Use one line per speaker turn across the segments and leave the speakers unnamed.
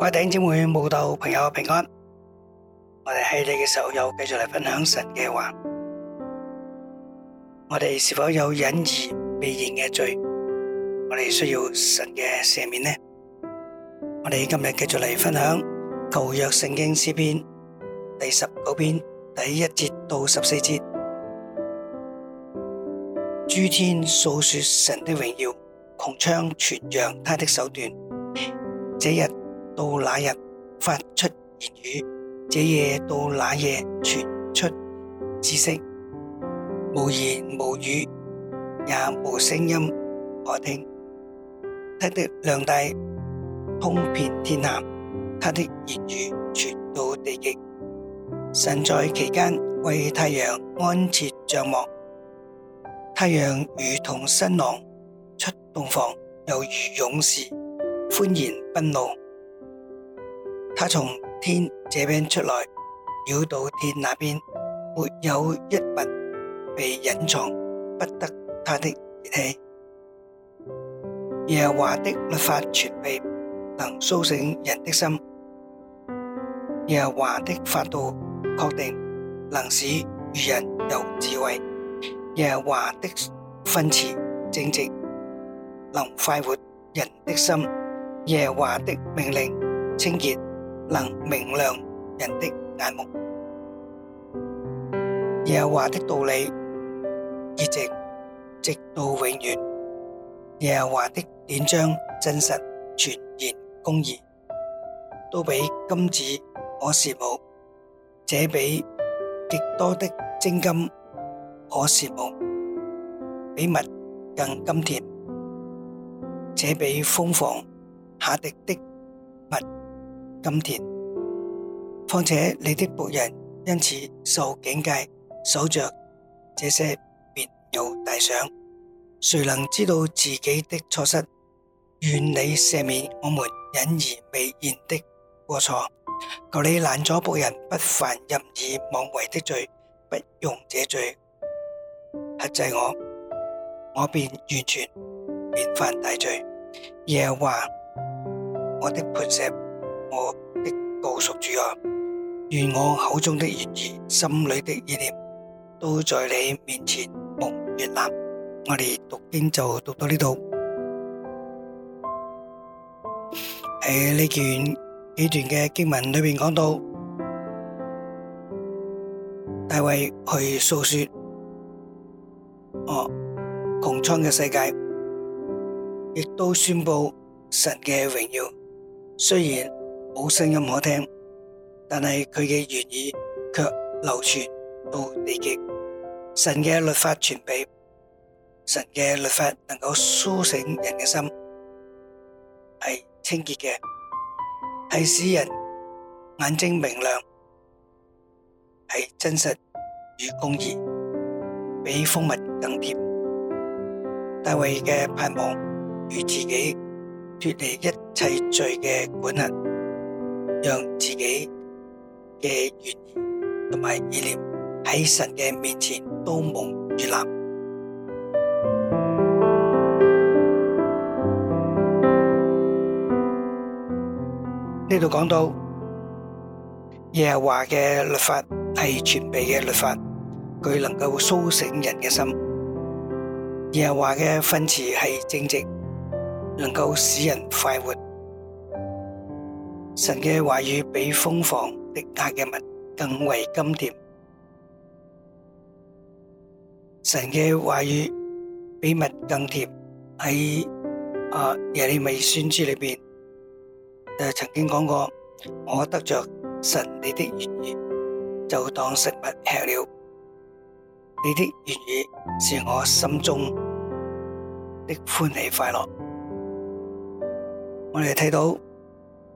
各位弟兄姊妹、信徒、朋友平安，我哋喺你嘅時候又繼續嚟分享神嘅話。我哋是否有隱而未現嘅罪？我哋需要神嘅赦免呢？我哋今日繼續嚟分享舊約聖經詩篇第十九篇第一節到十四節。諸天述說神的榮耀，穹蒼傳揚他的手段。這日。到那日發出言語，這夜到那夜傳出知識，無言無語也無聲音可聽。他的量帶通遍天下，他的言語傳到地極。神在其間為太陽安設帳幕，太陽如同新郎出洞房，又如勇士歡然奔路。他從天這邊出來，繞到天那邊，沒有一物被隱藏，不得他的熱氣。耶和華的律法全備，能甦醒人的心，耶和華的法度確定，能使愚人有智慧，耶和華的訓詞正直，能快活人的心，耶和華的命令清潔。能明亮人的眼目，耶和華的道理潔淨直到永遠，耶和華的典章真實全然公義，都比金子可羨慕，這比極多的精金可羨慕，比蜜更甘甜，這比蜂房下滴的蜜。甘甜，況且你的僕人因此受警戒，守着這些便有大賞。誰能知道自己的錯失？願你赦免我們隱而未言的過錯。求你攔阻僕人不犯任意妄為的罪，不容這罪轄制我，我便完全免犯大罪。耶和華，我的磐石。我的救贖主啊，願我口中的言語、心裏的意念，都在你面前蒙悅納，我哋讀經就讀到呢度。喺呢段幾段嘅經文裏面講到，大衛去訴說，哦，穹蒼嘅世界，亦都宣布神嘅榮耀，雖然。冇聲音可聽，但係佢嘅言語卻流傳到地極。神嘅律法傳俾，神嘅律法能夠甦醒人嘅心，係清潔嘅，係使人眼睛明亮，係真實與公義，比蜂蜜更甜。大衛嘅盼望與自己脫離一切罪嘅管束。讓自己嘅願意同埋意念喺神嘅面前都蒙悅納。呢度講到耶和華嘅律法係全備嘅律法，佢能夠蘇醒人嘅心；耶和華嘅訓詞係正直，能夠使人快活。神嘅話語比蜂房滴下嘅蜜更為甘甜。神嘅話語比蜜更甜。喺啊耶利米先知裏邊，曾經講過：我得着神你的言語，就當食物吃了。你的言語是我心中的歡喜快樂。我哋睇到。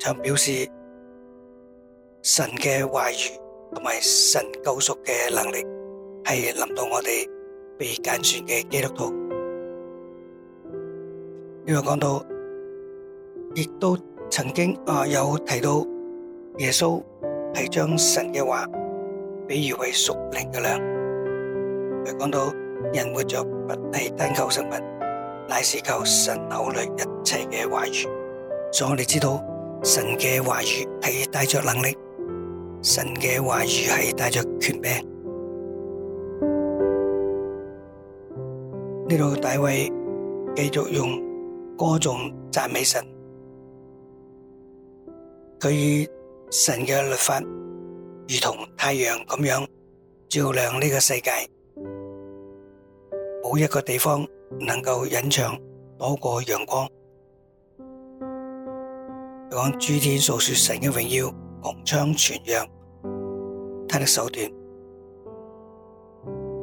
就表示神嘅話語同埋神救贖嘅能力係臨到我哋被揀選嘅基督徒。呢個講到亦都曾經啊有提到耶穌係將神嘅話比喻為屬靈嘅糧。又講到人活着不係單靠食物，乃是靠神口裏一切嘅話語。所以我哋知道。神嘅話語係帶着能力，神嘅話語係帶着權柄。呢度，大衛繼續用歌頌讚美神，佢以神嘅律法，如同太陽咁樣照亮呢個世界，冇一個地方能夠隱藏躲過陽光。講諸天述說神嘅榮耀，穹蒼傳揚他的手段。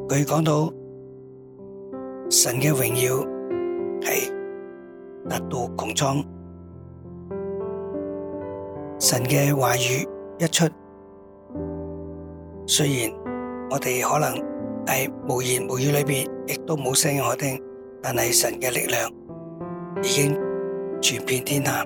佢講到神嘅榮耀係達到穹蒼，神嘅話語一出，雖然我哋可能係無言無語裏面，亦都冇聲音可聽，但係神嘅力量已經傳遍天下。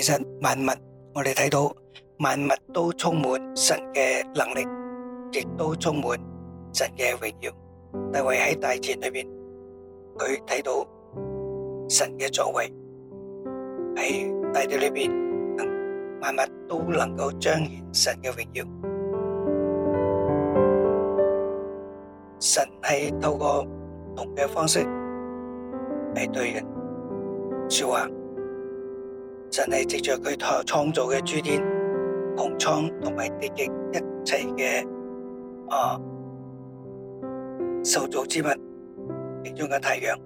其實萬物，我哋睇到萬物都充滿神嘅能力，亦都充滿神嘅榮耀。大衛喺大自然裏邊，佢睇到神嘅作為，喺大地裏邊，萬物都能夠彰顯神嘅榮耀。神係透過唔同嘅方式嚟對人說話。神係藉着佢創創造嘅諸天，同創同埋地極一齊嘅啊受造之物，其中嘅太陽，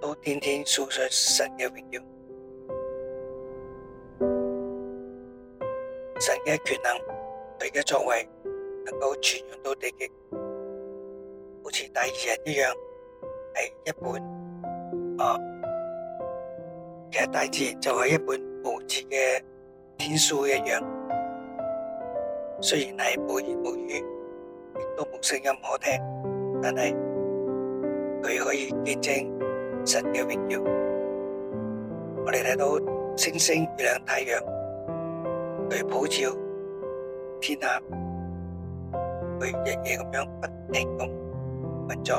都天天訴說神嘅榮耀。神嘅權能，佢嘅作為，能夠傳揚到地極，好似第二日一樣，係一本啊。其實大自然就係一本無字嘅天書一樣，雖然係無言無語，亦都無聲音可聽，但係佢可以見證神嘅榮耀。我哋睇到星星、月亮、太陽，佢普照天下，佢日夜咁樣不停咁運作，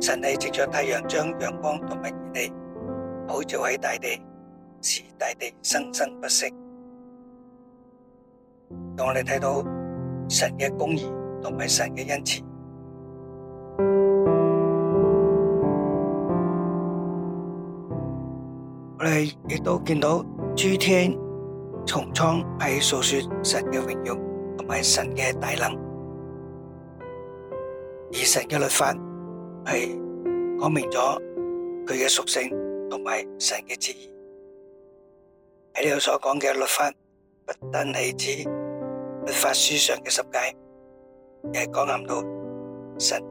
神係藉着太陽將陽光同埋熱力。好似喺大地，使大地生生不息。當我哋睇到神嘅公義同埋神嘅恩賜，我哋亦都見到諸天穹蒼係述說神嘅榮耀同埋神嘅大能，而神嘅律法係講明咗佢嘅屬性。同埋神嘅旨意，喺呢度所講嘅律法，不單係指律法書上嘅十誡，而係講含到神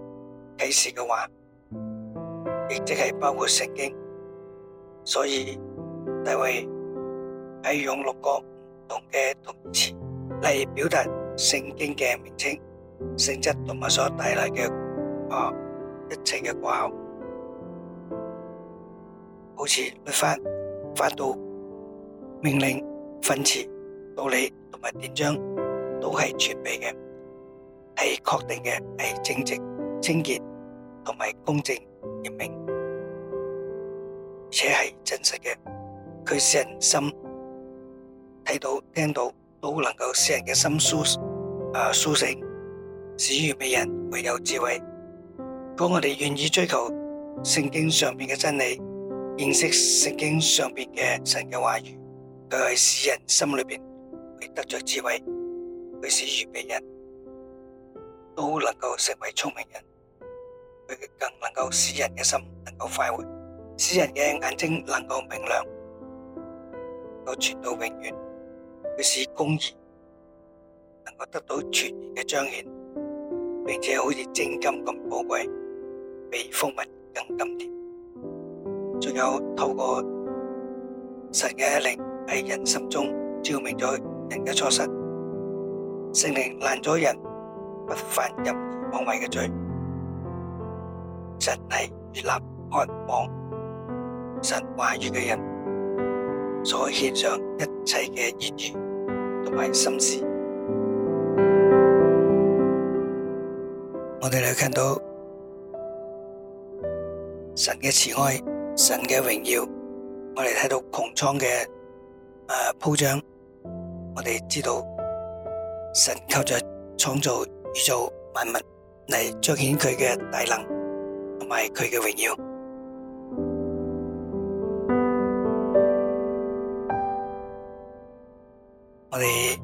啟示嘅話，亦即係包括聖經。所以大衛喺用六個唔同嘅同義詞嚟表達聖經嘅名稱、性質同埋所帶來嘅啊一切嘅功效。是律法、法度、命令、訓詞、道理同埋典章，都係全備嘅，係確定嘅，係正直、清潔同埋公正嚴明，且係真實嘅。佢成心睇到、聽到，都能夠使人嘅心蘇誒蘇醒，使愚昧人富有智慧。如果我哋願意追求聖經上面嘅真理。認識聖經上邊嘅神嘅話語，佢喺使人心裏邊去得着智慧，佢使預備人都能夠成為聰明人，佢更能夠使人嘅心能夠快活，使人嘅眼睛能夠明亮，能夠傳到永遠。佢使公義能夠得到全然嘅彰顯，並且好似精金咁寶貴，比蜂蜜更甘甜。仲有透過神嘅靈喺人心中照明咗人嘅錯失，聖靈攔咗人不犯任何妄為嘅罪。神係立開妄神話語嘅人，所獻上一切嘅言語同埋心事。我哋嚟看到神嘅慈愛。神嘅榮耀，我哋睇到穹蒼嘅誒鋪張，我哋知道神靠着創造宇宙萬物嚟彰顯佢嘅大能同埋佢嘅榮耀。我哋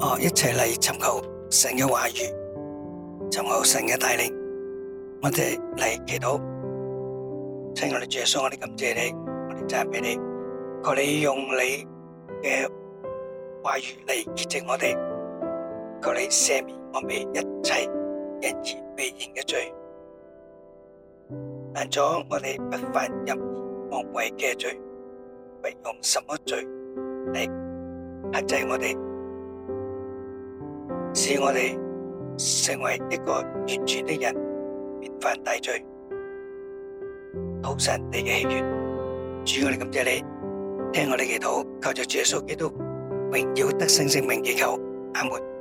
哦一齊嚟尋求神嘅話語，尋求神嘅帶領，我哋嚟祈禱。親愛的主耶穌，我哋感謝你，我哋讚美你。求你用你嘅話語嚟潔淨我哋，求你赦免我哋一切人前未認嘅罪，攔咗我哋不犯任意、妄為嘅罪。並用什麼罪嚟克制我哋，使我哋成為一個完全的人，免犯大罪。好神，你嘅喜悦，主我哋感謝你，聽我哋祈禱，靠着主耶穌基督榮耀得勝聖名祈求，阿門。